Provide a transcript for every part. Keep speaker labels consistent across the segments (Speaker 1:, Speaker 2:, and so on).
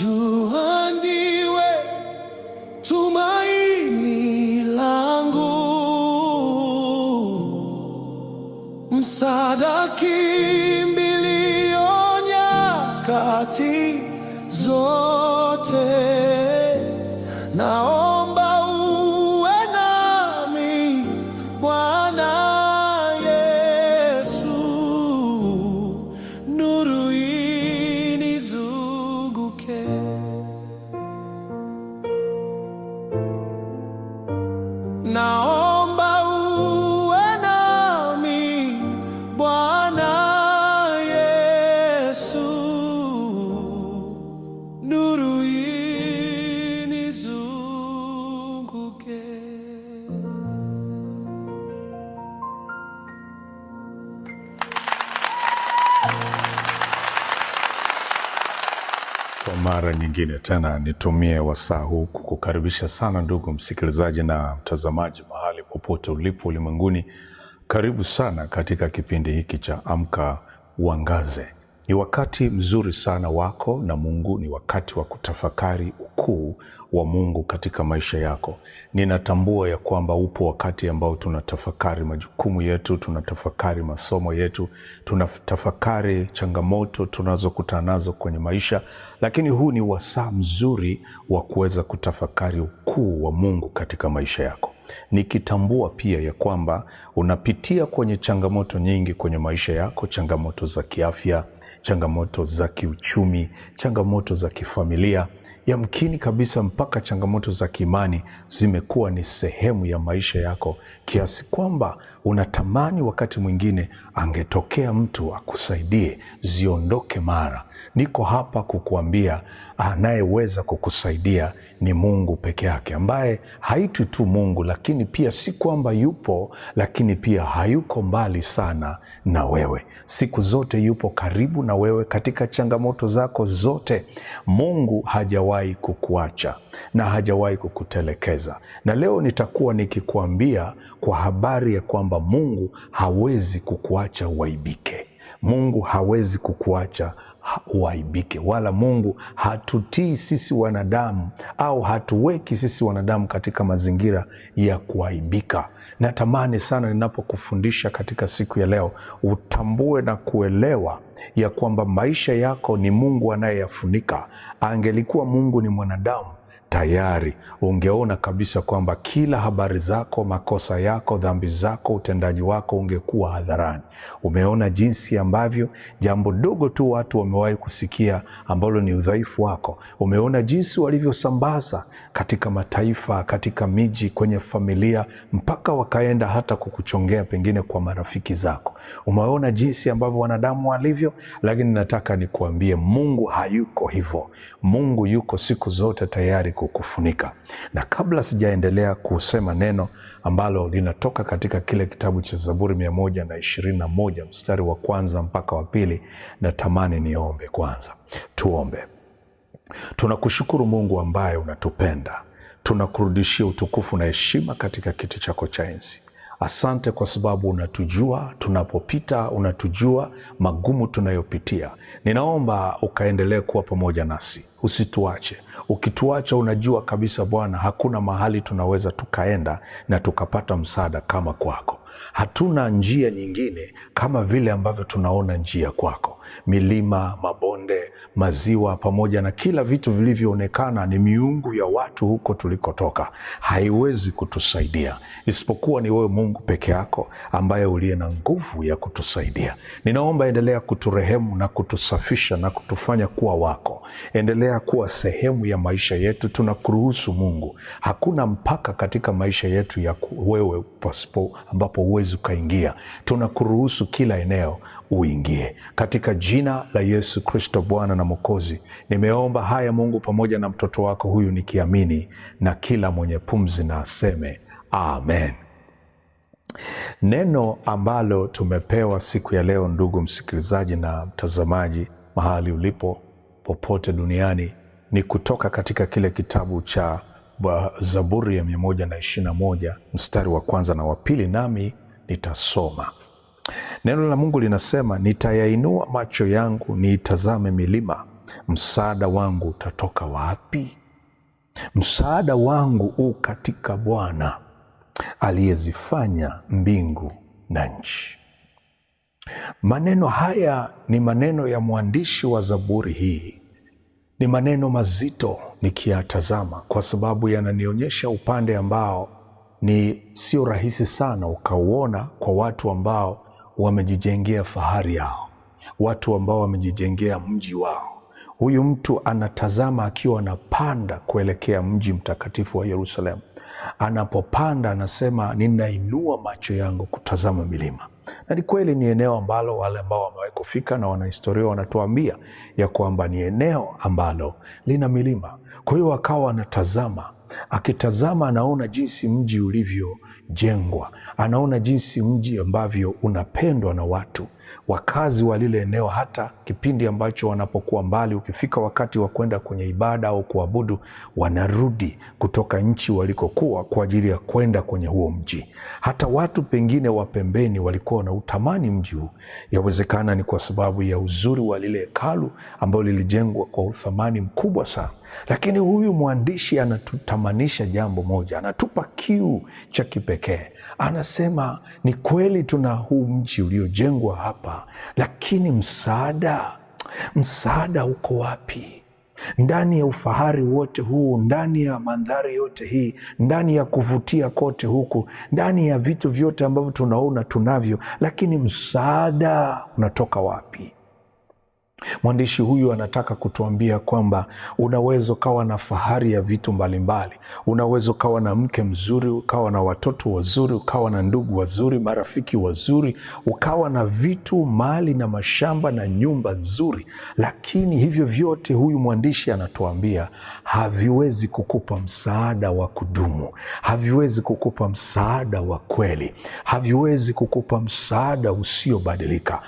Speaker 1: you
Speaker 2: Kwa mara nyingine tena nitumie wasaa huu kukukaribisha sana ndugu msikilizaji na mtazamaji, mahali popote ulipo ulimwenguni. Karibu sana katika kipindi hiki cha Amka Uangaze. Ni wakati mzuri sana wako na Mungu, ni wakati wa kutafakari ukuu wa Mungu katika maisha yako. Ninatambua ya kwamba upo wakati ambao tunatafakari majukumu yetu, tunatafakari masomo yetu, tunatafakari changamoto tunazokutana nazo kwenye maisha, lakini huu ni wasaa mzuri wa kuweza kutafakari ukuu wa Mungu katika maisha yako nikitambua pia ya kwamba unapitia kwenye changamoto nyingi kwenye maisha yako, changamoto za kiafya, changamoto za kiuchumi, changamoto za kifamilia, yamkini kabisa mpaka changamoto za kiimani zimekuwa ni sehemu ya maisha yako, kiasi kwamba unatamani wakati mwingine angetokea mtu akusaidie ziondoke mara Niko hapa kukuambia anayeweza kukusaidia ni Mungu peke yake, ambaye haitwi tu Mungu, lakini pia si kwamba yupo, lakini pia hayuko mbali sana na wewe. Siku zote yupo karibu na wewe katika changamoto zako zote. Mungu hajawahi kukuacha na hajawahi kukutelekeza, na leo nitakuwa nikikuambia kwa habari ya kwamba Mungu hawezi kukuacha uaibike. Mungu hawezi kukuacha uaibike, wala Mungu hatutii sisi wanadamu au hatuweki sisi wanadamu katika mazingira ya kuaibika. Natamani sana ninapokufundisha katika siku ya leo utambue na kuelewa ya kwamba maisha yako ni Mungu anayeyafunika. Angelikuwa Mungu ni mwanadamu tayari ungeona kabisa kwamba kila habari zako, makosa yako, dhambi zako, utendaji wako ungekuwa hadharani. Umeona jinsi ambavyo jambo dogo tu watu wamewahi kusikia ambalo ni udhaifu wako. Umeona jinsi walivyosambaza katika mataifa, katika miji, kwenye familia, mpaka wakaenda hata kukuchongea pengine kwa marafiki zako. Umeona jinsi ambavyo wanadamu walivyo, lakini nataka nikuambie, Mungu hayuko hivyo. Mungu yuko siku zote tayari kukufunika. Na kabla sijaendelea kusema neno ambalo linatoka katika kile kitabu cha Zaburi mia moja na ishirini na moja mstari wa kwanza mpaka wa pili, natamani niombe kwanza. Tuombe. Tunakushukuru Mungu ambaye unatupenda, tunakurudishia utukufu na heshima katika kiti chako cha enzi. Asante kwa sababu unatujua tunapopita, unatujua magumu tunayopitia. Ninaomba ukaendelee kuwa pamoja nasi, usituache. Ukituacha unajua kabisa Bwana, hakuna mahali tunaweza tukaenda na tukapata msaada kama kwako. Hatuna njia nyingine kama vile ambavyo tunaona njia kwako milima, mabonde, maziwa, pamoja na kila vitu vilivyoonekana ni miungu ya watu huko tulikotoka, haiwezi kutusaidia isipokuwa ni wewe Mungu peke yako ambaye uliye na nguvu ya kutusaidia. Ninaomba endelea kuturehemu na kutusafisha na kutufanya kuwa wako. Endelea kuwa sehemu ya maisha yetu, tunakuruhusu Mungu. Hakuna mpaka katika maisha yetu ya wewe pasipo ambapo huwezi ukaingia. Tunakuruhusu kila eneo uingie katika jina la Yesu Kristo, Bwana na Mwokozi, nimeomba haya Mungu, pamoja na mtoto wako huyu nikiamini, na kila mwenye pumzi na aseme amen. Neno ambalo tumepewa siku ya leo, ndugu msikilizaji na mtazamaji, mahali ulipo, popote duniani, ni kutoka katika kile kitabu cha Zaburi ya 121 mstari wa kwanza na wa pili, nami nitasoma Neno la Mungu linasema, nitayainua macho yangu niitazame milima, msaada wangu utatoka wapi? Msaada wangu u katika Bwana aliyezifanya mbingu na nchi. Maneno haya ni maneno ya mwandishi wa Zaburi hii. Ni maneno mazito nikiyatazama, kwa sababu yananionyesha upande ambao ni sio rahisi sana ukauona kwa watu ambao wamejijengea fahari yao, watu ambao wamejijengea mji wao. Huyu mtu anatazama akiwa anapanda kuelekea mji mtakatifu wa Yerusalemu. Anapopanda anasema, ninainua macho yangu kutazama milima. Na ni kweli, ni eneo ambalo wale ambao wamewahi kufika na wanahistoria wanatuambia ya kwamba ni eneo ambalo lina milima. Kwa hiyo wakawa wanatazama, akitazama anaona jinsi mji ulivyo jengwa, anaona jinsi mji ambavyo unapendwa na watu wakazi wa lile eneo, hata kipindi ambacho wanapokuwa mbali, ukifika wakati wa kwenda kwenye ibada au kuabudu, wanarudi kutoka nchi walikokuwa kwa ajili ya kwenda kwenye huo mji. Hata watu pengine wa pembeni walikuwa utamani mji huu. Yawezekana ni kwa sababu ya uzuri wa lile hekalu ambalo lilijengwa kwa uthamani mkubwa sana. Lakini huyu mwandishi anatutamanisha jambo moja, anatupa kiu cha kipekee. Anasema ni kweli tuna huu mji uliojengwa hapa hapa, lakini msaada, msaada uko wapi? Ndani ya ufahari wote huu, ndani ya mandhari yote hii, ndani ya kuvutia kote huku, ndani ya vitu vyote ambavyo tunaona tunavyo, lakini msaada unatoka wapi? Mwandishi huyu anataka kutuambia kwamba unaweza ukawa na fahari ya vitu mbalimbali. Unaweza ukawa na mke mzuri, ukawa na watoto wazuri, ukawa na ndugu wazuri, marafiki wazuri, ukawa na vitu, mali na mashamba na nyumba nzuri, lakini hivyo vyote, huyu mwandishi anatuambia, haviwezi kukupa msaada wa kudumu, haviwezi kukupa msaada wa kweli, haviwezi kukupa msaada usiobadilika,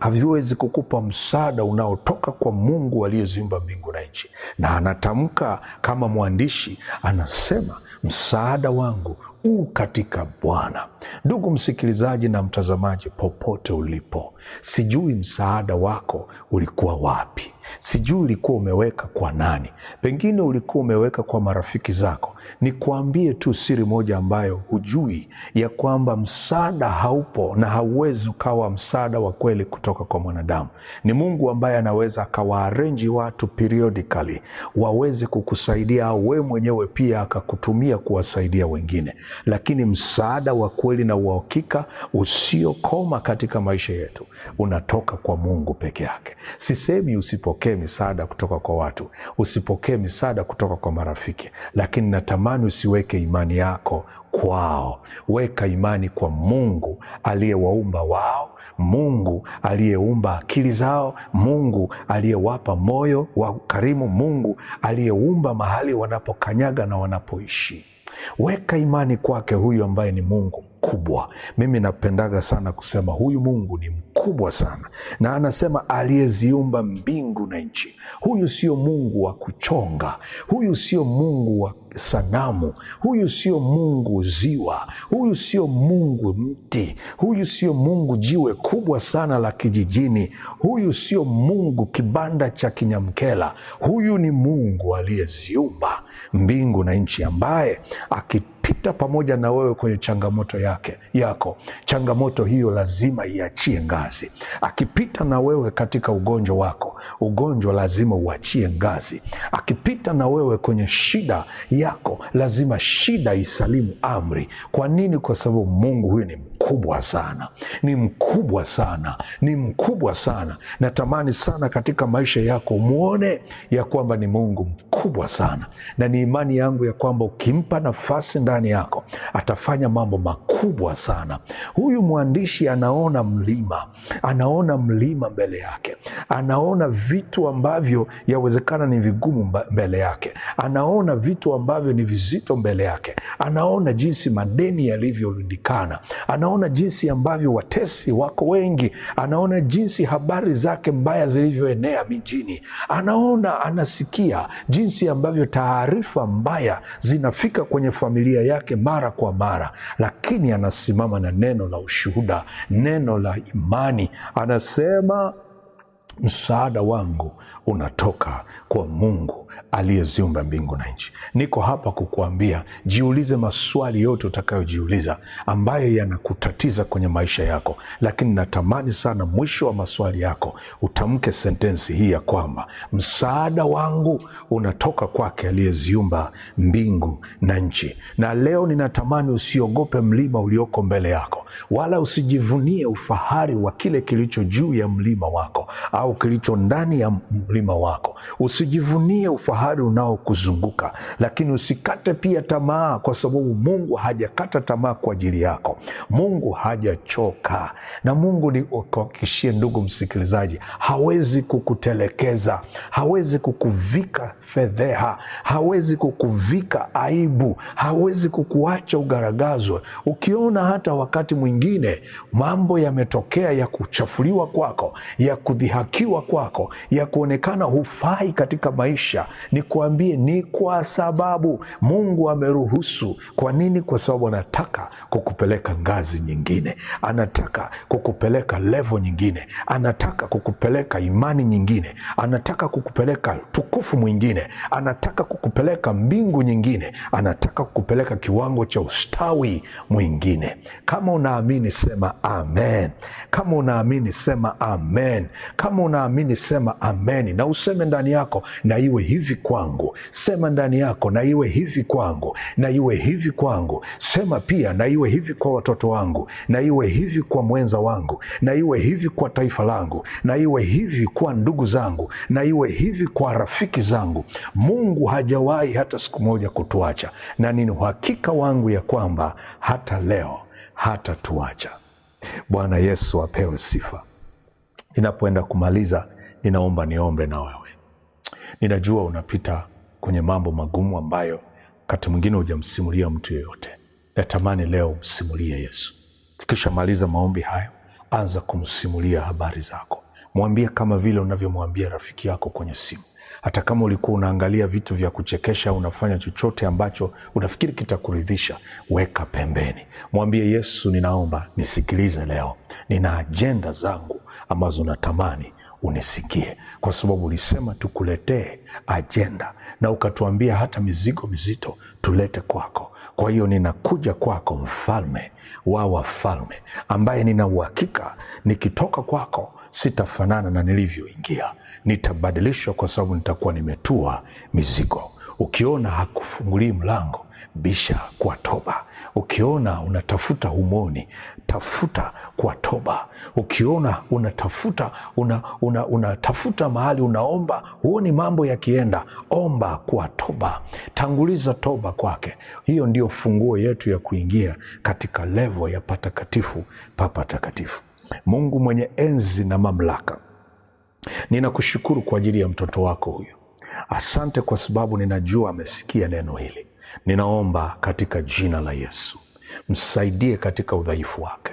Speaker 2: haviwezi kukupa msaada msaada unaotoka kwa Mungu aliyeziumba mbingu na nchi. Na anatamka kama mwandishi, anasema msaada wangu u katika Bwana. Ndugu msikilizaji na mtazamaji, popote ulipo, sijui msaada wako ulikuwa wapi, sijui ulikuwa umeweka kwa nani, pengine ulikuwa umeweka kwa marafiki zako. Nikuambie tu siri moja ambayo hujui, ya kwamba msaada haupo na hauwezi ukawa msaada wa kweli kutoka kwa mwanadamu. Ni Mungu ambaye anaweza akawaarenji watu periodically waweze kukusaidia, au wewe mwenyewe pia akakutumia kuwasaidia wengine lakini msaada wa kweli na uhakika usiokoma katika maisha yetu unatoka kwa Mungu peke yake. Sisemi usipokee misaada kutoka kwa watu, usipokee misaada kutoka kwa marafiki, lakini natamani usiweke imani yako kwao. Weka imani kwa Mungu aliyewaumba wao, Mungu aliyeumba akili zao, Mungu aliyewapa moyo wa ukarimu, Mungu aliyeumba mahali wanapokanyaga na wanapoishi. Weka imani kwake huyu ambaye ni Mungu mkubwa. Mimi napendaga sana kusema huyu Mungu ni mkubwa sana, na anasema aliyeziumba mbingu na nchi. Huyu sio Mungu wa kuchonga, huyu sio Mungu wa sanamu, huyu sio Mungu ziwa, huyu sio Mungu mti, huyu sio Mungu jiwe kubwa sana la kijijini, huyu sio Mungu kibanda cha kinyamkela, huyu ni Mungu aliyeziumba mbingu na nchi, ambaye akit atapita pamoja na wewe kwenye changamoto yake yako. Changamoto hiyo lazima iachie ngazi. Akipita na wewe katika ugonjwa wako, ugonjwa lazima uachie ngazi. Akipita na wewe kwenye shida yako, lazima shida isalimu amri. Kwa nini? Kwa sababu Mungu huyu ni mkubwa sana, ni mkubwa sana, ni mkubwa sana. Natamani sana katika maisha yako muone ya kwamba ni Mungu mkubwa sana, na ni imani yangu ya kwamba ukimpa nafasi jirani yako atafanya mambo makuu kubwa sana. Huyu mwandishi anaona mlima, anaona mlima mbele yake, anaona vitu ambavyo yawezekana ni vigumu mbele yake, anaona vitu ambavyo ni vizito mbele yake, anaona jinsi madeni yalivyorundikana, anaona jinsi ambavyo watesi wako wengi, anaona jinsi habari zake mbaya zilivyoenea mijini, anaona, anasikia jinsi ambavyo taarifa mbaya zinafika kwenye familia yake mara kwa mara, lakini anasimama na neno la ushuhuda, neno la imani, anasema msaada wangu unatoka kwa Mungu aliyeziumba mbingu na nchi. Niko hapa kukuambia, jiulize maswali yote utakayojiuliza ambayo yanakutatiza kwenye maisha yako, lakini natamani sana mwisho wa maswali yako utamke sentensi hii ya kwamba msaada wangu unatoka kwake aliyeziumba mbingu na nchi. Na leo ninatamani usiogope mlima ulioko mbele yako, wala usijivunie ufahari wa kile kilicho juu ya mlima wako au kilicho ndani ya mlima mlima wako. Usijivunie ufahari unaokuzunguka, lakini usikate pia tamaa, kwa sababu Mungu hajakata tamaa kwa ajili yako. Mungu hajachoka, na Mungu ni kuhakikishie, ndugu msikilizaji, hawezi kukutelekeza, hawezi kukuvika fedheha, hawezi kukuvika aibu, hawezi kukuacha ugaragazwe. Ukiona hata wakati mwingine mambo yametokea ya kuchafuliwa kwako, ya kudhihakiwa kwako, ya kuonekana unaonekana hufai katika maisha, nikuambie ni kwa sababu Mungu ameruhusu. Kwa nini? Kwa sababu anataka kukupeleka ngazi nyingine, anataka kukupeleka levo nyingine, anataka kukupeleka imani nyingine, anataka kukupeleka tukufu mwingine, anataka kukupeleka mbingu nyingine, anataka kukupeleka kiwango cha ustawi mwingine. Kama unaamini sema amen. Kama unaamini sema amen. Kama unaamini sema amen na useme ndani yako, na iwe hivi kwangu. Sema ndani yako, na iwe hivi kwangu, na iwe hivi kwangu. Sema pia, na iwe hivi kwa watoto wangu, na iwe hivi kwa mwenza wangu, na iwe hivi kwa taifa langu, na iwe hivi kwa ndugu zangu, na iwe hivi kwa rafiki zangu. Mungu hajawahi hata siku moja kutuacha, na nina uhakika wangu ya kwamba hata leo hatatuacha Bwana Yesu apewe sifa. Ninapoenda kumaliza ninaomba niombe na wewe. Ninajua unapita kwenye mambo magumu ambayo wakati mwingine hujamsimulia mtu yeyote. Natamani leo umsimulie Yesu. Kisha maliza maombi hayo, anza kumsimulia habari zako, mwambie kama vile unavyomwambia rafiki yako kwenye simu. Hata kama ulikuwa unaangalia vitu vya kuchekesha, unafanya chochote ambacho unafikiri kitakuridhisha, weka pembeni, mwambie Yesu, ninaomba nisikilize leo, nina ajenda zangu ambazo natamani unisikie, kwa sababu ulisema tukuletee ajenda na ukatuambia hata mizigo mizito tulete kwako. Kwa hiyo ninakuja kwako, mfalme wa wafalme, ambaye nina uhakika nikitoka kwako sitafanana na nilivyoingia, nitabadilishwa, kwa sababu nitakuwa nimetua mizigo. Ukiona hakufungulii mlango bisha kwa toba. Ukiona unatafuta humoni, tafuta kwa toba. Ukiona unatafuta unatafuta una, unatafuta mahali unaomba huoni mambo yakienda, omba kwa toba, tanguliza toba kwake. Hiyo ndiyo funguo yetu ya kuingia katika levo ya patakatifu pa patakatifu. Mungu mwenye enzi na mamlaka, ninakushukuru kwa ajili ya mtoto wako huyu. Asante kwa sababu ninajua amesikia neno hili. Ninaomba katika jina la Yesu, msaidie katika udhaifu wake,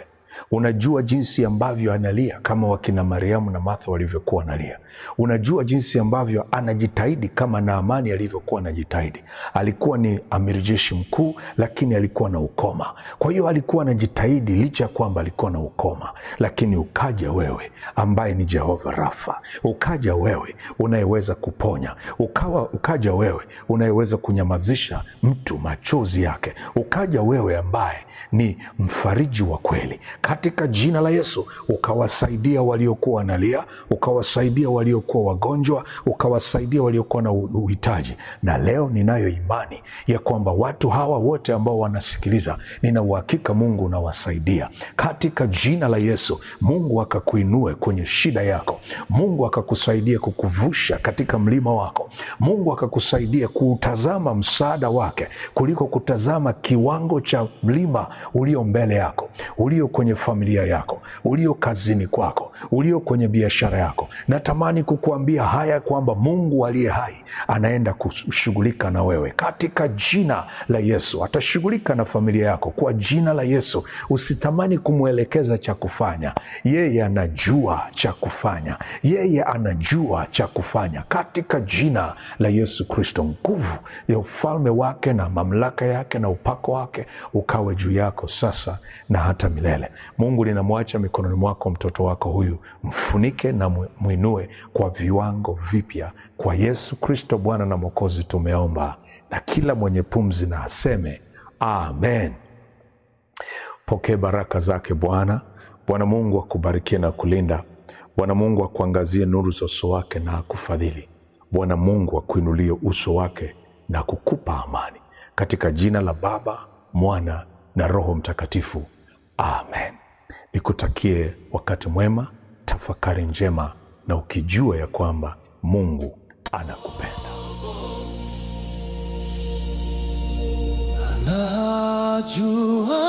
Speaker 2: Unajua jinsi ambavyo analia kama wakina Mariamu na Martha walivyokuwa analia. Unajua jinsi ambavyo anajitahidi kama Naamani alivyokuwa anajitahidi. Alikuwa ni amiri jeshi mkuu, lakini alikuwa na ukoma. Kwa hiyo alikuwa anajitahidi licha ya kwamba alikuwa na ukoma, lakini ukaja wewe ambaye ni Jehova Rafa, ukaja wewe unayeweza kuponya, ukawa ukaja wewe unayeweza kunyamazisha mtu machozi yake, ukaja wewe ambaye ni mfariji wa kweli. Katika jina la Yesu, ukawasaidia waliokuwa wanalia, ukawasaidia waliokuwa wagonjwa, ukawasaidia waliokuwa na uhitaji. Na leo ninayo imani ya kwamba watu hawa wote ambao wanasikiliza, nina uhakika Mungu unawasaidia katika jina la Yesu. Mungu akakuinue kwenye shida yako, Mungu akakusaidia kukuvusha katika mlima wako, Mungu akakusaidia kuutazama msaada wake kuliko kutazama kiwango cha mlima ulio mbele yako, ulio kwenye familia yako, ulio kazini kwako, ulio kwenye biashara yako. Natamani kukuambia haya kwamba Mungu aliye hai anaenda kushughulika na wewe katika jina la Yesu. Atashughulika na familia yako kwa jina la Yesu. Usitamani kumwelekeza cha kufanya, yeye anajua cha kufanya, yeye anajua cha kufanya katika jina la Yesu Kristo. Nguvu ya ufalme wake na mamlaka yake na upako wake ukawe juu juu yako sasa na hata milele. Mungu, ninamwacha mikononi mwako mtoto wako huyu, mfunike na mwinue kwa viwango vipya, kwa Yesu Kristo Bwana na Mwokozi tumeomba, na kila mwenye pumzi na aseme amen. Pokee baraka zake Bwana. Bwana Mungu akubarikie na kulinda. Bwana Mungu akuangazie nuru za uso wake na akufadhili. Bwana Mungu akuinulie uso wake na kukupa amani, katika jina la Baba, Mwana na Roho Mtakatifu. Amen. Nikutakie wakati mwema, tafakari njema, na ukijua ya kwamba Mungu anakupenda.
Speaker 1: Anajua.